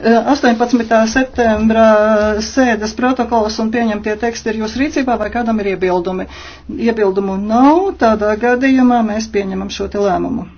18. septembra sēdes protokols un pieņemtie teksti ir jūsu rīcībā vai kādam ir iebildumi? Iebildumu nav, tādā gadījumā mēs pieņemam šo te lēmumu.